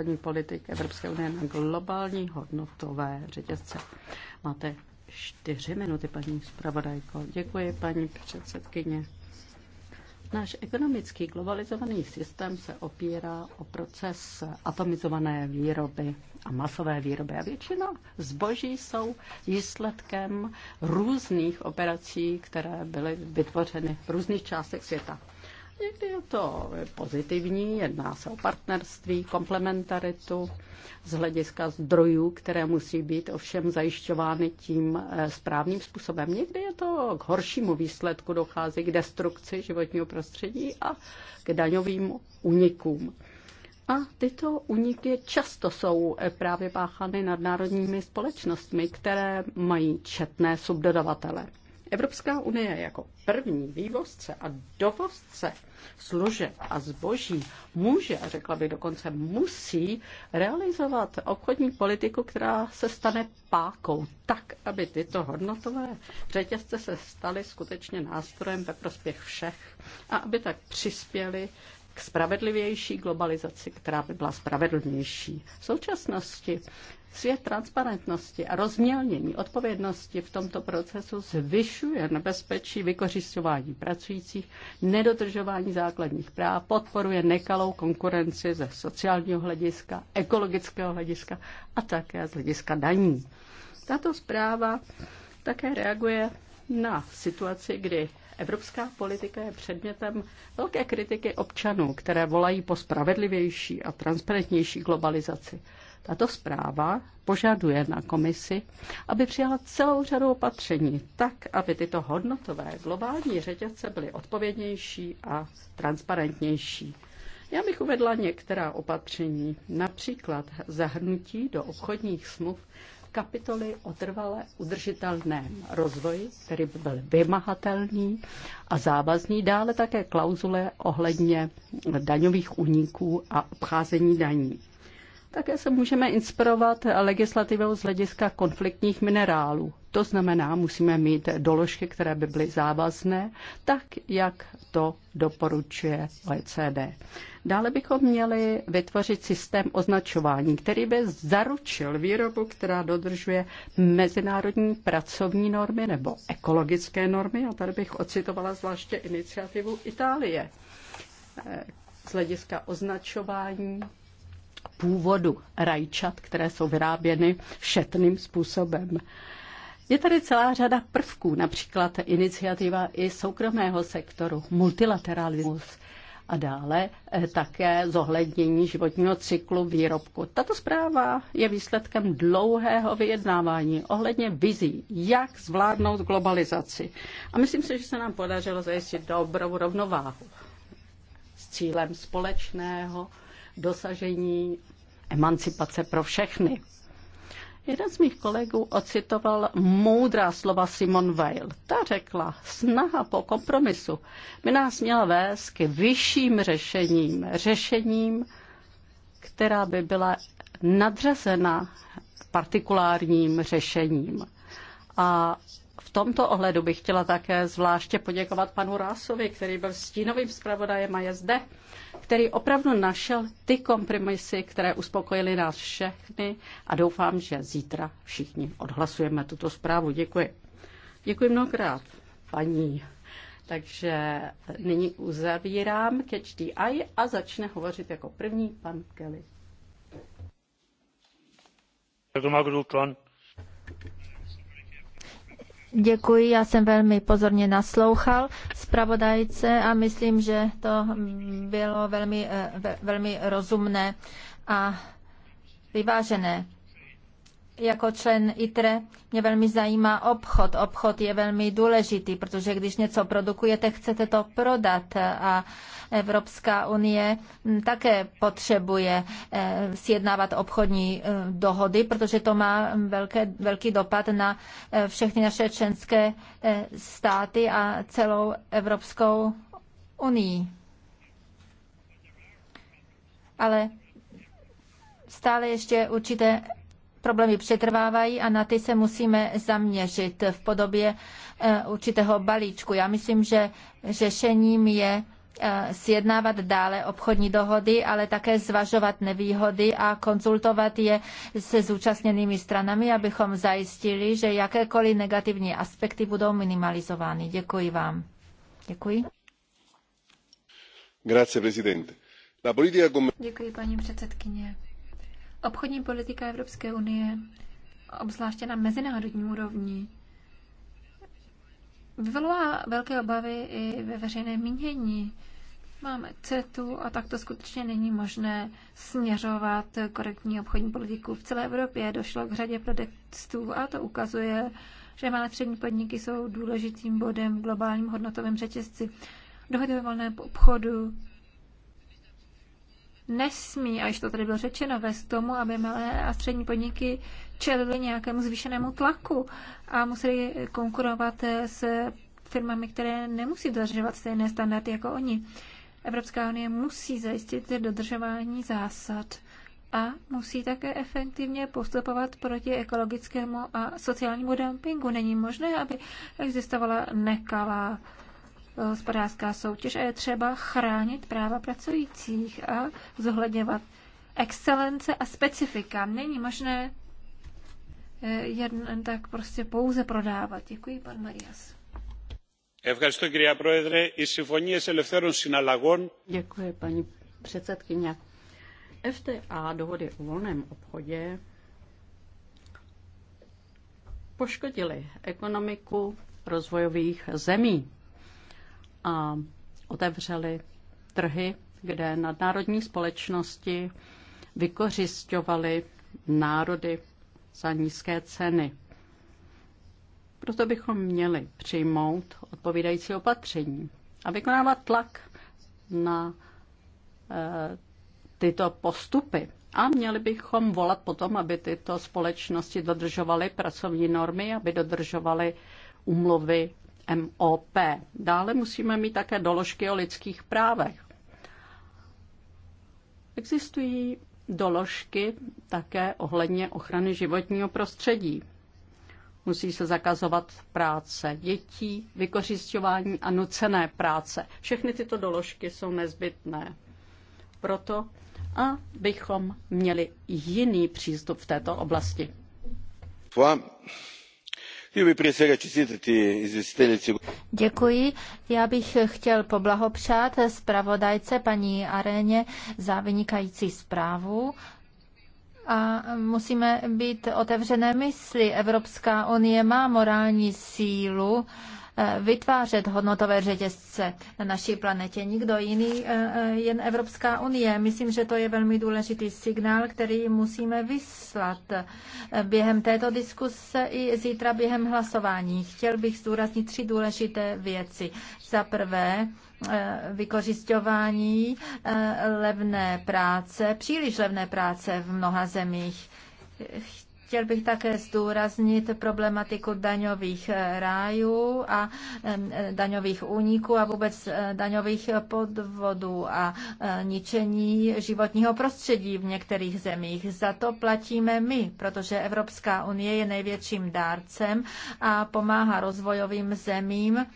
Paní politik Evropské unie na globální hodnotové řetězce. Máte čtyři minuty, paní zpravodajko. Děkuji, paní předsedkyně. Náš ekonomický globalizovaný systém se opírá o proces atomizované výroby a masové výroby. A většina zboží jsou výsledkem různých operací, které byly vytvořeny v různých částech světa. Někdy je to pozitivní, jedná se o partnerství, komplementaritu z hlediska zdrojů, které musí být ovšem zajišťovány tím eh, správným způsobem. Někdy je to k horšímu výsledku, dochází k destrukci životního prostředí a k daňovým unikům. A tyto uniky často jsou eh, právě páchány nadnárodními společnostmi, které mají četné subdodavatele. Evropská unie jako první vývozce a dovozce služeb a zboží může, a řekla bych dokonce musí, realizovat obchodní politiku, která se stane pákou, tak, aby tyto hodnotové řetězce se staly skutečně nástrojem ve prospěch všech a aby tak přispěly spravedlivější globalizaci, která by byla spravedlnější. V současnosti svět transparentnosti a rozmělnění odpovědnosti v tomto procesu zvyšuje nebezpečí vykořišťování pracujících, nedodržování základních práv, podporuje nekalou konkurenci ze sociálního hlediska, ekologického hlediska a také z hlediska daní. Tato zpráva také reaguje na situaci, kdy evropská politika je předmětem velké kritiky občanů, které volají po spravedlivější a transparentnější globalizaci. Tato zpráva požaduje na komisi, aby přijala celou řadu opatření tak, aby tyto hodnotové globální řetězce byly odpovědnější a transparentnější. Já bych uvedla některá opatření, například zahrnutí do obchodních smluv kapitoly o trvale udržitelném rozvoji, který by byl vymahatelný a závazný, dále také klauzule ohledně daňových úniků a obcházení daní. Také se můžeme inspirovat legislativou z hlediska konfliktních minerálů. To znamená, musíme mít doložky, které by byly závazné, tak jak to doporučuje OECD. Dále bychom měli vytvořit systém označování, který by zaručil výrobu, která dodržuje mezinárodní pracovní normy nebo ekologické normy. A tady bych ocitovala zvláště iniciativu Itálie eh, z hlediska označování původu rajčat, které jsou vyráběny šetným způsobem. Je tady celá řada prvků, například iniciativa i soukromého sektoru, multilateralismus a dále eh, také zohlednění životního cyklu výrobku. Tato zpráva je výsledkem dlouhého vyjednávání ohledně vizí, jak zvládnout globalizaci. A myslím si, že se nám podařilo zajistit dobrou rovnováhu s cílem společného dosažení emancipace pro všechny. Jeden z mých kolegů ocitoval moudrá slova Simon Weil. Ta řekla, snaha po kompromisu by nás měla vést k vyšším řešením, řešením, která by byla nadřazena partikulárním řešením. A v tomto ohledu bych chtěla také zvláště poděkovat panu Rásovi, který byl stínovým zpravodajem a je zde, který opravdu našel ty kompromisy, které uspokojily nás všechny a doufám, že zítra všichni odhlasujeme tuto zprávu. Děkuji. Děkuji mnohokrát, paní. Takže nyní uzavírám Catch the Eye a začne hovořit jako první pan Kelly. Děkuji, já jsem velmi pozorně naslouchal zpravodajce a myslím, že to bylo velmi, eh, velmi rozumné a vyvážené jako člen ITRE mě velmi zajímá obchod. Obchod je velmi důležitý, protože když něco produkujete, chcete to prodat a Evropská unie mm, také potřebuje eh, sjednávat obchodní eh, dohody, protože to má mm, velké, velký dopad na eh, všechny naše členské státy a celou Evropskou unii. Ale stále ještě určité problémy přetrvávají a na ty se musíme zaměřit v podobě eh, určitého balíčku. Já myslím, že řešením je eh, sjednávat dále obchodní dohody, ale také zvažovat nevýhody a konzultovat je se zúčastněnými stranami, abychom zajistili, že jakékoliv negativní aspekty budou minimalizovány. Děkuji vám. Děkuji. Grazie, Děkuji, paní předsedkyně. Obchodní politika Evropské unie, obzvláště na mezinárodní úrovni, vyvolá velké obavy i ve veřejné mínění. Máme CETu a tak to skutečně není možné směřovat korektní obchodní politiku. V celé Evropě došlo k řadě protestů a to ukazuje, že malé střední podniky jsou důležitým bodem v globálním hodnotovém řetězci. Dohody o volném obchodu nesmí, až to tady bylo řečeno, vést k tomu, aby malé a střední podniky čelily nějakému zvýšenému tlaku a museli konkurovat s firmami, které nemusí dodržovat stejné standardy jako oni. Evropská unie musí zajistit dodržování zásad a musí také efektivně postupovat proti ekologickému a sociálnímu dumpingu. Není možné, aby existovala nekalá Eh, hospodářská soutěž a je třeba chránit práva pracujících a zohledňovat excelence a specifika. Není možné eh, jen tak prostě pouze prodávat. Děkuji, pan Marias. Děkuji, paní předsedkyně. FTA dohody o volném obchodě poškodily ekonomiku rozvojových zemí a otevřeli trhy, kde nadnárodní společnosti vykořišťovaly národy za nízké ceny. Proto bychom měli přijmout odpovídající opatření a vykonávat tlak na e, tyto postupy. A měli bychom volat potom, aby tyto společnosti dodržovaly pracovní normy, aby dodržovaly umluvy MOP. Dále musíme mít také doložky o lidských právech. Existují doložky také ohledně ochrany životního prostředí. Musí se zakazovat práce dětí, vykořišťování a nucené práce. Všechny tyto doložky jsou nezbytné. Proto a bychom měli jiný přístup v této oblasti. Pua. Htio bih prije svega čestitati izvjestiteljici. Děkuji. Já bych chtěl poblahopřát zpravodajce paní Aréně za vynikající zprávu a musíme být otevřené mysli. Evropská unie má morální sílu eh, vytvářet hodnotové řetězce na naší planetě. Nikdo jiný, eh, eh, jen Evropská unie. Myslím, že to je velmi důležitý signál, který musíme vyslat během této diskuse i zítra během hlasování. Chtěl bych zdůraznit tři důležité věci. Za prvé, Eh, vykořišťování eh, levné práce, příliš levné práce v mnoha zemích. Chtěl bych také zdůraznit problematiku daňových eh, rájů a daňových úniků a vůbec daňových podvodů a ničení životního prostředí v některých zemích. Za to platíme my, protože Evropská unie je největším dárcem a pomáhá rozvojovým zemím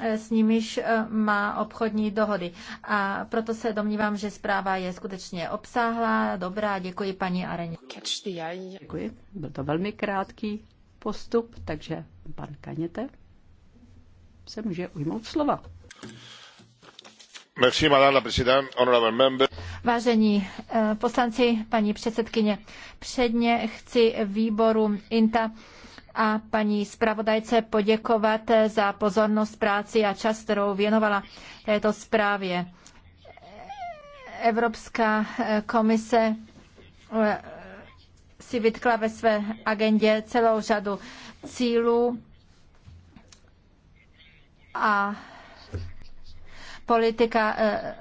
Eh, s nimiž eh, má obchodní dohody. A proto se domnívám, že zpráva je skutečně obsáhlá, dobrá. Děkuji paní Areně. Děkuji. Byl to velmi krátký postup, takže pan Kaněte se může ujmout slova. Merci, madame honorable member. Vážení eh, poslanci, paní předsedkyně, předně chci výboru INTA a paní zpravodajce poděkovat za pozornost práci a čas, kterou věnovala této zprávě. Evropská eh, komise eh, si vytkla ve své agendě celou řadu cílů a politika eh,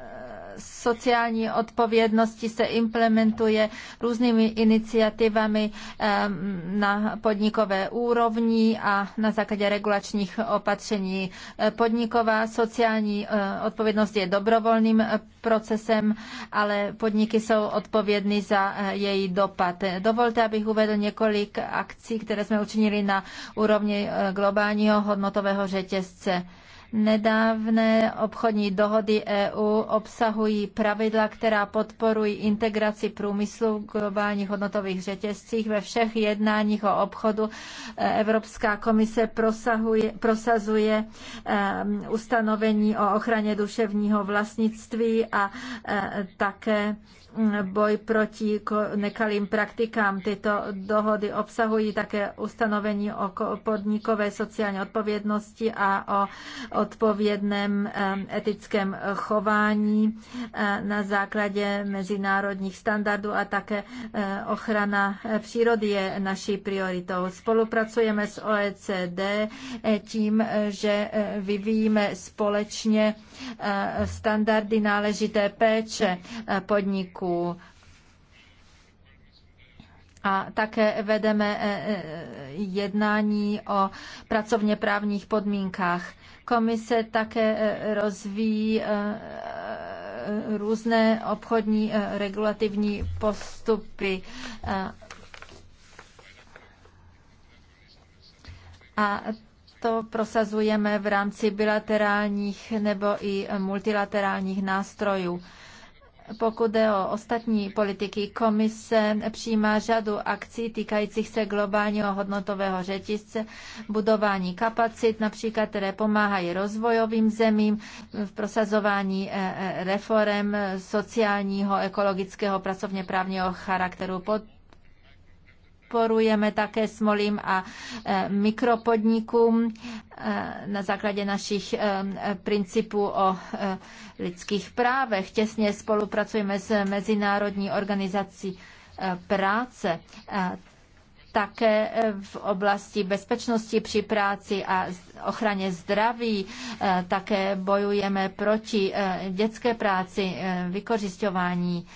sociální odpovědnosti se implementuje různými iniciativami na podnikové úrovni a na základě regulačních opatření. Podniková sociální eh, odpovědnost je dobrovolným eh, procesem, ale podniky jsou odpovědny za eh, její dopad. Dovolte, abych uvedl několik akcí, které jsme učinili na úrovni globálního hodnotového řetězce. Nedávné obchodní dohody EU obsahují pravidla, která podporují integraci průmyslu v globálních hodnotových řetězcích. Ve všech jednáních o obchodu eh, Evropská komise prosahuje, prosazuje um, ustanovení o ochraně duševního vlastnictví a uh, také hm, boj proti nekalým praktikám. Tyto dohody obsahují také ustanovení o podnikové sociální odpovědnosti a o odpovědném ehm, etickém chování eh, na základě mezinárodních standardů a také eh, ochrana přírody je naší prioritou. Spolupracujeme s OECD eh, tím, že vyvíjíme společně standardy náležité péče podniků a také vedeme e, e, jednání o pracovně právních podmínkách. Komise také e, rozvíjí různé obchodní regulativní postupy. A to prosazujeme v rámci bilaterálních nebo i multilaterálních nástrojů. Pokud jde o ostatní politiky, komise přijímá řadu akcí týkajících se globálního hodnotového řetězce, budování kapacit, například, které pomáhají rozvojovým zemím v prosazování e, e, reform sociálního, ekologického, pracovně právního charakteru podporujeme také smolím a e, mikropodnikům e, na základě našich e, principů o lidských právech. Těsně spolupracujeme s Mezinárodní organizací práce také v oblasti bezpečnosti při práci a ochraně zdraví. Také bojujeme proti dětské práci, vykořišťování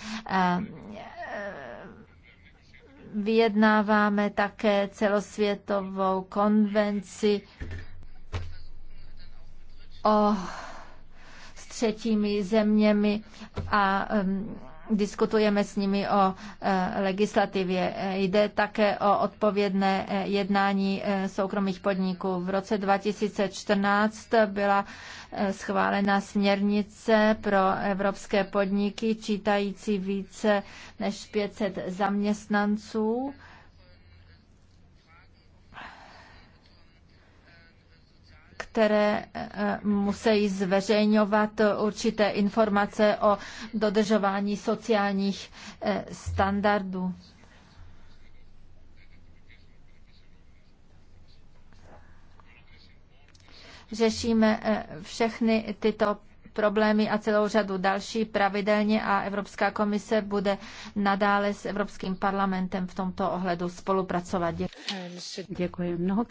Vyjednáváme také celosvětovou konvenci o s třetími zeměmi a um, diskutujeme s nimi o e, legislativě. Jde také o odpovědné e, jednání e, soukromých podniků. V roce 2014 byla schválena směrnice pro evropské podniky čítající více než 500 zaměstnanců které eh, musí zveřejňovat určité informace o dodržování sociálních eh, standardů. Řešíme eh, všechny tyto problémy a celou řadu další pravidelně a Evropská komise bude nadále s Evropským parlamentem v tomto ohledu spolupracovat. Děkuji, Děkuji mnohokrát.